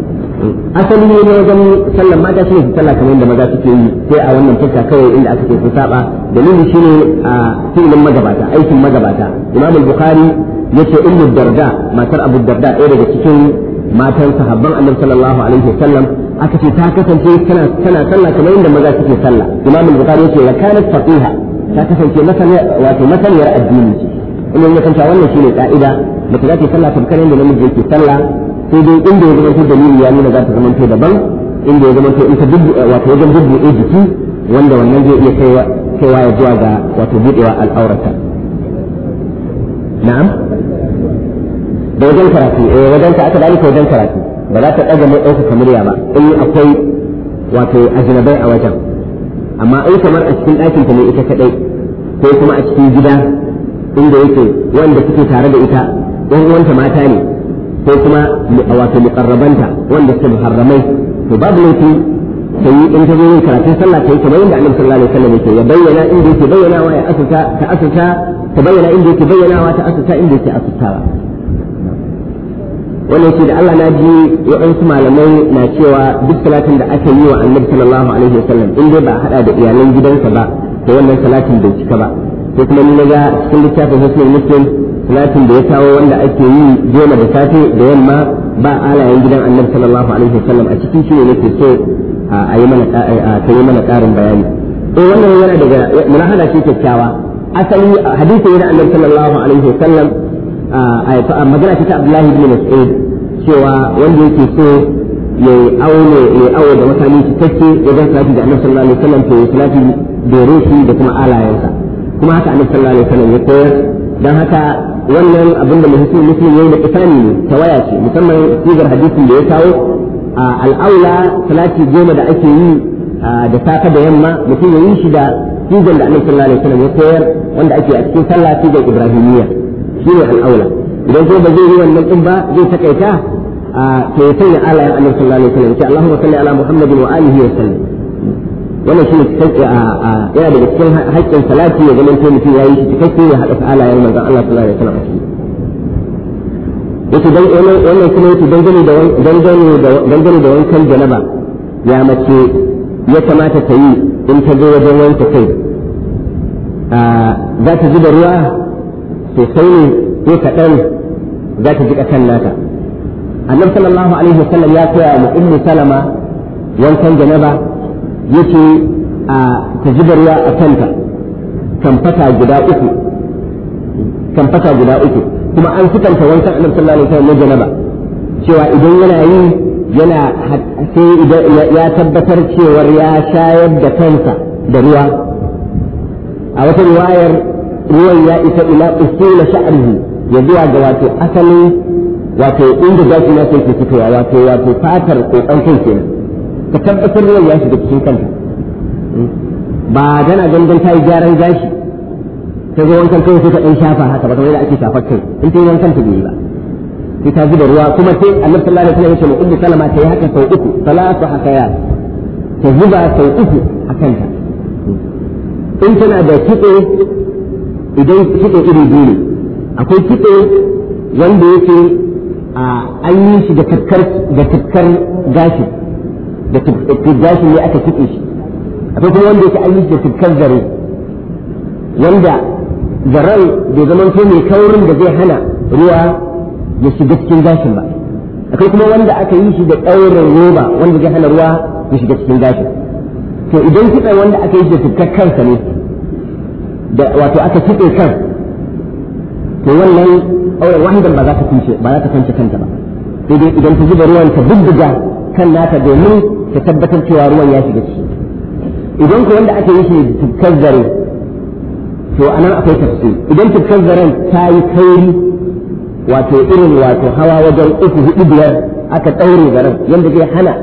asali ne na wajen sallan mata shi ne sallah kamar yadda maza suke yi sai a wannan fuska kawai inda aka ce ku saba dalili shi ne a filin magabata aikin magabata imam al-bukhari yace ummu darda matar abu darda ɗaya daga cikin matan sahabban annabi sallallahu alaihi wasallam aka ce ta kasance tana tana sallah kamar yadda maza suke sallah imam al-bukhari yace wa kanat faqiha ta kasance masaniya wato masaniyar addini ce in ya kanta wannan shine ka'ida mace za ta sallah tamkar yadda namiji yake sallah sai dai inda ya zama ta dalili ya nuna za ta zama daban inda ya zama ta ita eh, wato wajen dubbuɗe jiki wanda wannan zai iya kaiwa kaiwa ya zuwa ga wato buɗewa al'aurata na'am da wajen karatu eh wajen ka aka dalika wajen karatu ba za ta ɗaga mai ɗaukaka murya ba in akwai wato ajinabai a wajen amma in kamar a cikin ɗakin ta ne ita kaɗai ko kuma a cikin gida inda yake wanda suke tare da ita ɗan uwanta mata ne ko kuma wato muqarrabanta wanda suke muharramai to babu laifi yi in ta zo yin karatun sallah ta kai kamar yadda annabi sallallahu alaihi wasallam yake ya bayyana inda yake bayyanawa ya asuta ta asuta ta bayyana inda yake bayyanawa ta asuta inda yake asutawa wannan ce da Allah na ji waɗansu malamai na cewa duk salatin da aka yi wa annabi sallallahu alaihi wasallam in dai ba a hada da iyalan gidansa ba to wannan salatin bai cika ba ko kuma ni na ga cikin littafin Husnul Muslim salatin da ya kawo wanda ake yi goma da safe da yamma ba alayen gidan annabi sallallahu alaihi wasallam a cikin shi ne yake so a yi mana a yi mana karin bayani eh wannan yana daga mulahala ce kyakkyawa asali hadisi ne annabi sallallahu alaihi wasallam a magana ta Abdullahi bin Mas'ud cewa wanda yake so ya aure ya aure da mutane take ya ga salati da annabi sallallahu alaihi wasallam to salati da ruhi da kuma alayensa kuma haka annabi sallallahu alaihi wasallam ya koyar dan haka wannan abin da mutum muslim yayi da kisani ne waya ce musamman sigar hadisin da ya kawo al'aula salati goma da ake yi da safe da yamma mutum ya yi shi da sigar da annabi sallallahu alaihi wasallam ya koyar wanda ake a cikin sallah sigar ibrahimiyya ne al'aula idan ko ba zai yi wannan din ba zai takaita to ya sanya alayan annabi sallallahu alaihi wasallam sai Allahumma salli ala Muhammadin wa alihi wa sallam wannan shi ne yana daga cikin haƙƙin salati ya zama to mutum ya yi shi cikakke ya haɗa alayen manzon Allah sallallahu alaihi wasallam yake dan wannan kuma yake dangane da da wankan janaba ya mace ya kamata ta yi in ta zo wajen wanka kai za ta ji da ruwa sosai ne ko kaɗan za ta ji ƙasan nata annabi sallallahu alaihi wasallam ya koya wa ummu salama wankan janaba yake a ta a kanta kamfata guda uku guda uku kuma an sukanta wankan annabi sallallahu alaihi wasallam na janaba cewa idan yana yana sai idan ya tabbatar cewar ya shayar da kansa da ruwa a wata riwayar ruwan ya isa ila usula sha'rihi ya zuwa ga wato asalin wato inda gashi na sai ke fitowa wato wato fatar kokan kai kenan ka tabbatar ruwan ya shiga cikin kanta ba dana gangan ta yi gyaran gashi ta zo wankan kai sai ta dan shafa haka ba kamar yadda ake shafa kai in ta yi wankan ta bai ba sai ta zuba ruwa kuma sai Allah sallallahu alaihi wasallam ya ce mu ummu salama ta yi haka sau uku salatu ya ta zuba sau uku a kanta in tana da kitse idan kitse iri biyu ne akwai kitse wanda yake an yi shi da tukkar gashi da gashin ne aka kitse shi akwai kuma wanda yake an yi da tukkar zare wanda zaren bai zama to mai kaurin da zai hana ruwa ya shiga cikin gashin ba akwai kuma wanda aka yi shi da ɗaurin roba wanda zai hana ruwa ya shiga cikin gashin to idan kitsen wanda aka yi da tukkar kansa ne da wato aka kitse kan to wannan auren wahidan ba za ta kunce ba za ta kunce kanta ba sai dai idan ta zuba ruwan ta bubbuga kan nata domin ta tabbatar cewa ruwan ya shiga ciki idan ko wanda aka yi shi tukkar zare to anan akwai tafsir idan tukkar zaren ta yi kairi wato irin wato hawa wajen uku hudu biyar aka ɗaure zaren yadda zai hana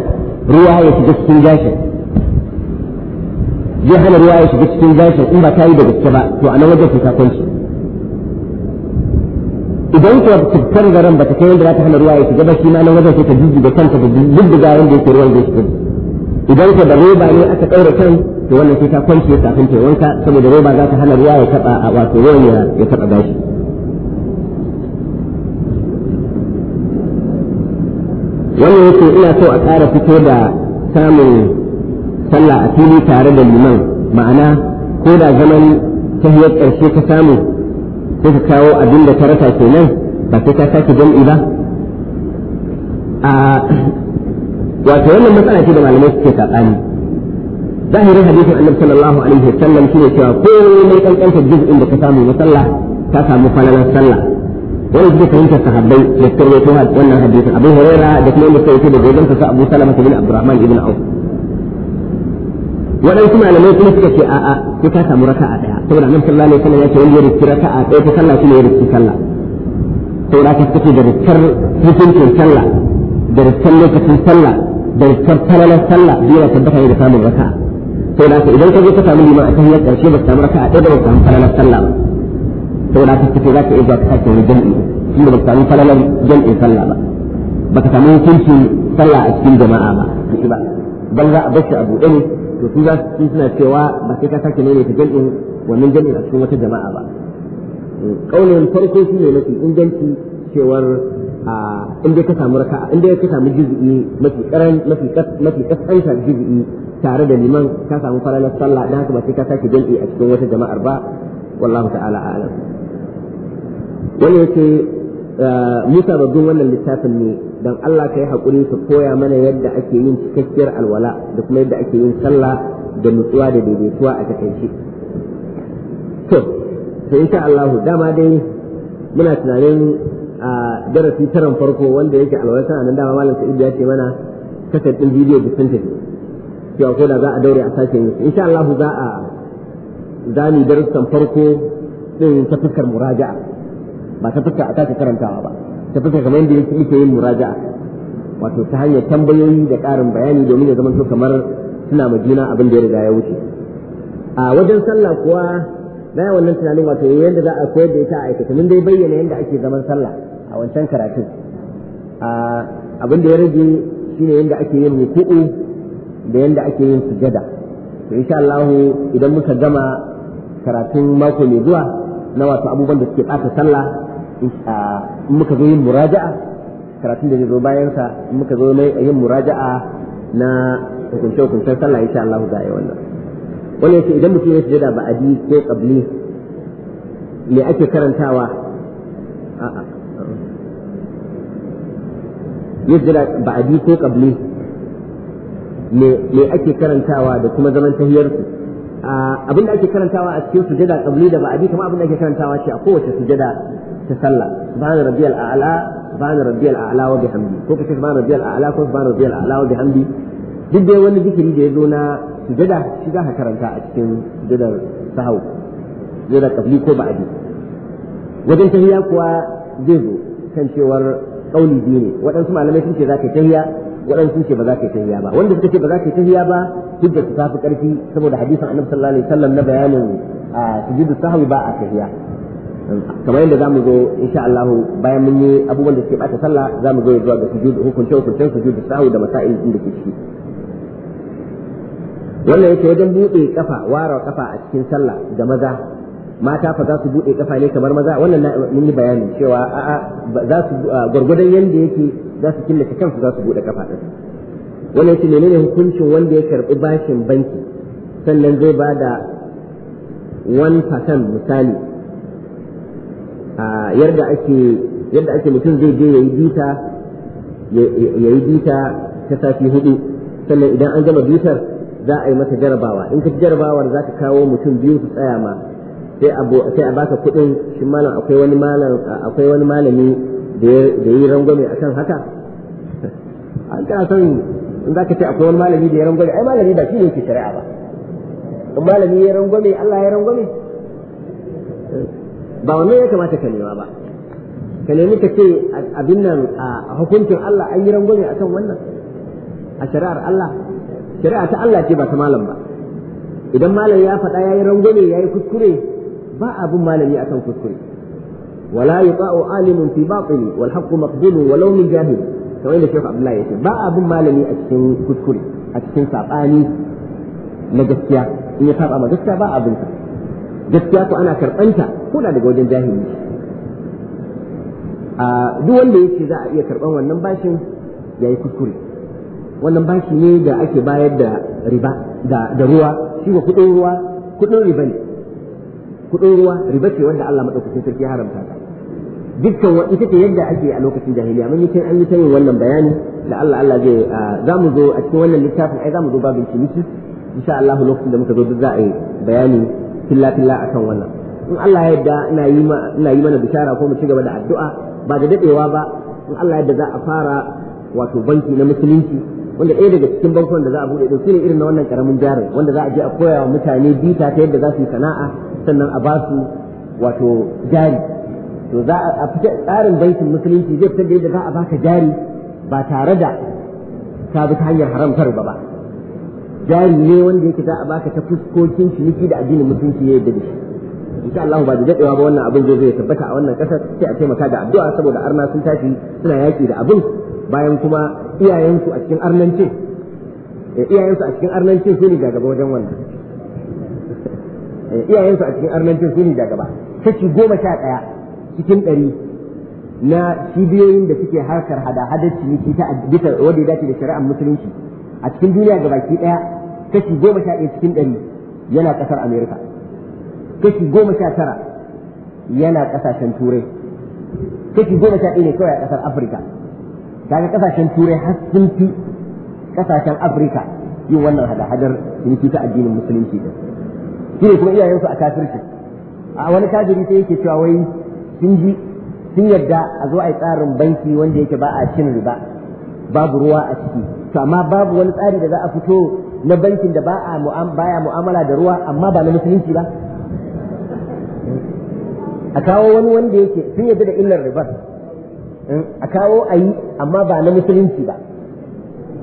ruwa ya shiga cikin gashin zai hana ruwa ya shiga cikin gashin in ba ta yi da gaske ba to anan wajen ta kwanci idan kuwa cutar garan ba ta kai yadda za ta hana ruwa ya shiga ba shi ma nan wajen sai ta jiji da kanta da duk da garin da yake ruwan da shiga idan ka da roba ne aka ɗaura kan to wannan sai ta kwance kafin ta wanka saboda roba za ta hana ruwa ya taɓa a wato ruwan ya taɓa gashi wannan yake ina so a ƙara fito da samun sallah a fili tare da liman ma'ana ko da zaman tahiyar ƙarshe ka samu sai ka kawo abin da ta rasa kenan ba sai ka sake jam'i ba a wato wannan matsala ce da malamai suke saɓani zahirin hadisin annabi sallallahu alaihi wa sallam shine cewa ko mai kankanta juz'in da ka samu na sallah ka samu falalar sallah wani zai fahimtar sahabbai da suka ko wannan hadisin abu hurairah da kuma wanda suka rawaito da gogon sa abu salama bin abdurrahman ibn auf waɗansu malamai kuma suka ce a'a sai ka samu raka'a daya saboda annabi sallallahu alaihi wasallam ya ce wanda ya riski raka'a daya ta sallah kuma ya riski sallah saboda ka suke da riskar hukuncin sallah da riskar lokacin sallah da riskar talalar sallah biyu na tabbata ne da samun raka'a saboda ka idan ka je ka samu liman a tahiyar ƙarshe ba ka samu raka'a daya ba ka samu talalar sallah ba saboda ka suke za ka iya zuwa ka sake wani jam'i inda ba ka samu jan jam'in sallah ba ba ka samu hukuncin sallah a cikin jama'a ba ba bal za a bar shi a buɗe ne to su za su suna cewa ba sai ka sake ne ta jam'in min jam'in a cikin wata jama'a ba Kaunin farko shi ne mafi inganci cewar a inda ka samu raka inda dai ka samu juz'i mafi karan mafi mafi kasanta juz'i tare da liman ka samu falalar sallah dan haka ba sai ka sake jam'i a cikin wata jama'ar ba wallahu ta'ala a'lam wannan yake musa babban wannan littafin ne dan Allah ka yi haƙuri su koya mana yadda ake yin cikakkiyar alwala da kuma yadda ake yin sallah da nutsuwa da daidaituwa a takaice to sai insha Allah dama dai muna tunanin a darasi taron farko wanda yake alwala tana nan dama malam Sa'id ya ce mana kasar din bidiyo da sun tafi cewa ko da za a daure a sake yin insha Allah za a zani darussan farko din ta fuskar muraja'a ba ta fuskar a sake karantawa ba tabbata kamar yadda yake yake yin muraja'a wato ta hanyar tambayoyi da ƙarin bayani domin ya zama su kamar suna ma juna abin da ya riga ya wuce a wajen sallah kuwa baya wannan tunanin wato yadda za a koyar da ita a aikata mun dai bayyana yadda ake zaman sallah a wancan karatun abin da ya rage shine yadda ake yin ruku'u da yadda ake yin sujada to insha Allah idan muka gama karatun mako mai zuwa na wato abubuwan da suke ɓata sallah muka zo yin muraja'a karatun da zai zo bayan sa muka zo mai yin muraja'a na hukunce hukunce sallah insha Allah ga a wannan wannan yace idan mutum ya sujada ba'adi ko qabli me ake karantawa a ya ba'adi ko qabli me ake karantawa da kuma zaman su abin da ake karantawa a cikin sujada qabli da ba'adi kamar abin da ake karantawa shi a kowace sujada ta sallah subhana rabbiyal a'la subhana rabbiyal a'la wa bihamdi ko kace subhana rabbiyal a'la ko subhana rabbiyal a'la wa bihamdi duk dai wani zikiri da ya zo na sujada shi za ka karanta a cikin sujadar sahau sujadar kabli ko ba'adi wajen tahiya kuwa zai zo kan cewar kauli biyu ne waɗansu malamai sun ce za ka tahiya waɗansu ce ba za ka yi tahiya ba wanda suka ce ba za ka yi tahiya ba hujja su tafi ƙarfi saboda hadisin annabi sallallahu alaihi wasallam na bayanin sujudu sahwi ba a tahiya kamar yadda za mu zo insha Allah bayan mun yi abubuwan da suke bata sallah mu zo zuwa ga sujud hukuncin hukuncin sujud sahu da masail din da ke ciki wannan yake wajen bude kafa wara kafa a cikin sallah da maza mata fa za su bude kafa ne kamar maza wannan na mun yi bayani cewa a'a za su gurgurdan yanda yake za su killace kansu za su bude kafa din wannan ne menene hukuncin wanda ya karbi bashin banki sannan zai bada 1% misali yadda ake yadda ake mutum zai je yayi bita yayi bita ta safi hudu sannan idan an gama bitar za a yi mata jarabawa in ka jarabawa za ka kawo mutum biyu su tsaya ma sai a sai a baka kuɗin shi malam akwai wani malam akwai wani malami da ya yi rangwame akan haka an kana son in za ka ce akwai wani malami da ya rangwame ai malami ba shi ne ke shari'a ba in malami ya rangwame Allah ya rangwame ba wannan ya kamata ka nema ba ka nemi ka ce abin nan a hukuncin Allah an yi rangwame akan wannan a shari'ar Allah shari'a ta Allah ce ba ta malam ba idan malam ya faɗa ya yi rangwame ya yi kuskure ba abin malami akan kuskure Wala ولا يطاع عالم في باطل والحق مقبول ولو من جاهل kamar da Sheikh Abdullahi yake ba abin malami a cikin kuskure a cikin sabani na gaskiya in ya saba ma gaskiya ba abin sa gaskiya ko ana karɓanta ko da daga wajen jahili a duk wanda ya ce za a iya karɓan wannan bashin ya yi kuskure wannan bashi ne da ake bayar da riba da ruwa shi wa kuɗin ruwa kuɗin riba ne kuɗin ruwa riba ce wanda Allah madaukakin sarki ya haramta ta dukkan ita ce yadda ake a lokacin jahiliya mun yi an yi tayin wannan bayani da Allah Allah zai za mu zo a cikin wannan littafin ai za mu zo babin ciniki insha Allah lokacin da muka zo duk za a yi bayani filla filla akan wannan in Allah ya yarda ina yi mana bishara ko mu ci gaba da addu'a ba da daɗewa ba in Allah ya za a fara wato banki na musulunci wanda ɗaya daga cikin bankunan da za a buɗe ɗauki ne irin na wannan karamin jarin wanda za a je a koya wa mutane bita ta yadda za su yi sana'a sannan a ba su wato jari to za a fita tsarin bankin musulunci zai fitar da yadda za a baka jari ba tare da ta bi ta hanyar haramtar ba ba jari ne wanda yake za a baka ta fuskokin ciniki da addinin mutunci ya yadda da shi insha Allah ba da dadewa ba wannan abin zai zai tabbata a wannan kasar sai a taimaka da addu'a saboda arna sun tashi suna yaki da abin bayan kuma iyayensu a cikin arnancin eh, iyayensu a cikin arnancin su ne wajen wannan eh, iyayensu a cikin arnancin su ne goma sha ɗaya cikin ɗari na cibiyoyin da suke harkar hada-hadar ciniki ta bisa wadda ya dace da shari'ar musulunci a cikin duniya ga baki ɗaya kashi goma sha ɗaya cikin ɗari yana ƙasar amerika kashi goma sha tara yana ƙasashen turai kashi goma sha ɗaya ne kawai a ƙasar afirka kaga ƙasashen turai har sun fi ƙasashen afirka yin wannan hada-hadar ciniki ta addinin musulunci ɗin shi ne kuma iyayensu a kafirci a wani kafiri sai yake cewa wai sun ji sun yarda a zo a yi tsarin banki wanda yake ba a cin riba babu ruwa a ciki to amma babu wani tsari da za a fito na bankin da ba a baya mu'amala da ruwa amma ba na musulunci ba a kawo wani wanda yake sun yadda da illar ribar hmm, a kawo a yi amma ba na musulunci ba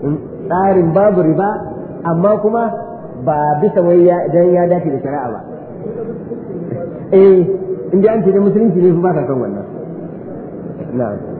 hmm, tsarin babu riba amma kuma ba bisa wai idan ya dace da shari'a ba eh inda an ce da musulunci ne ba ka kan wannan na'am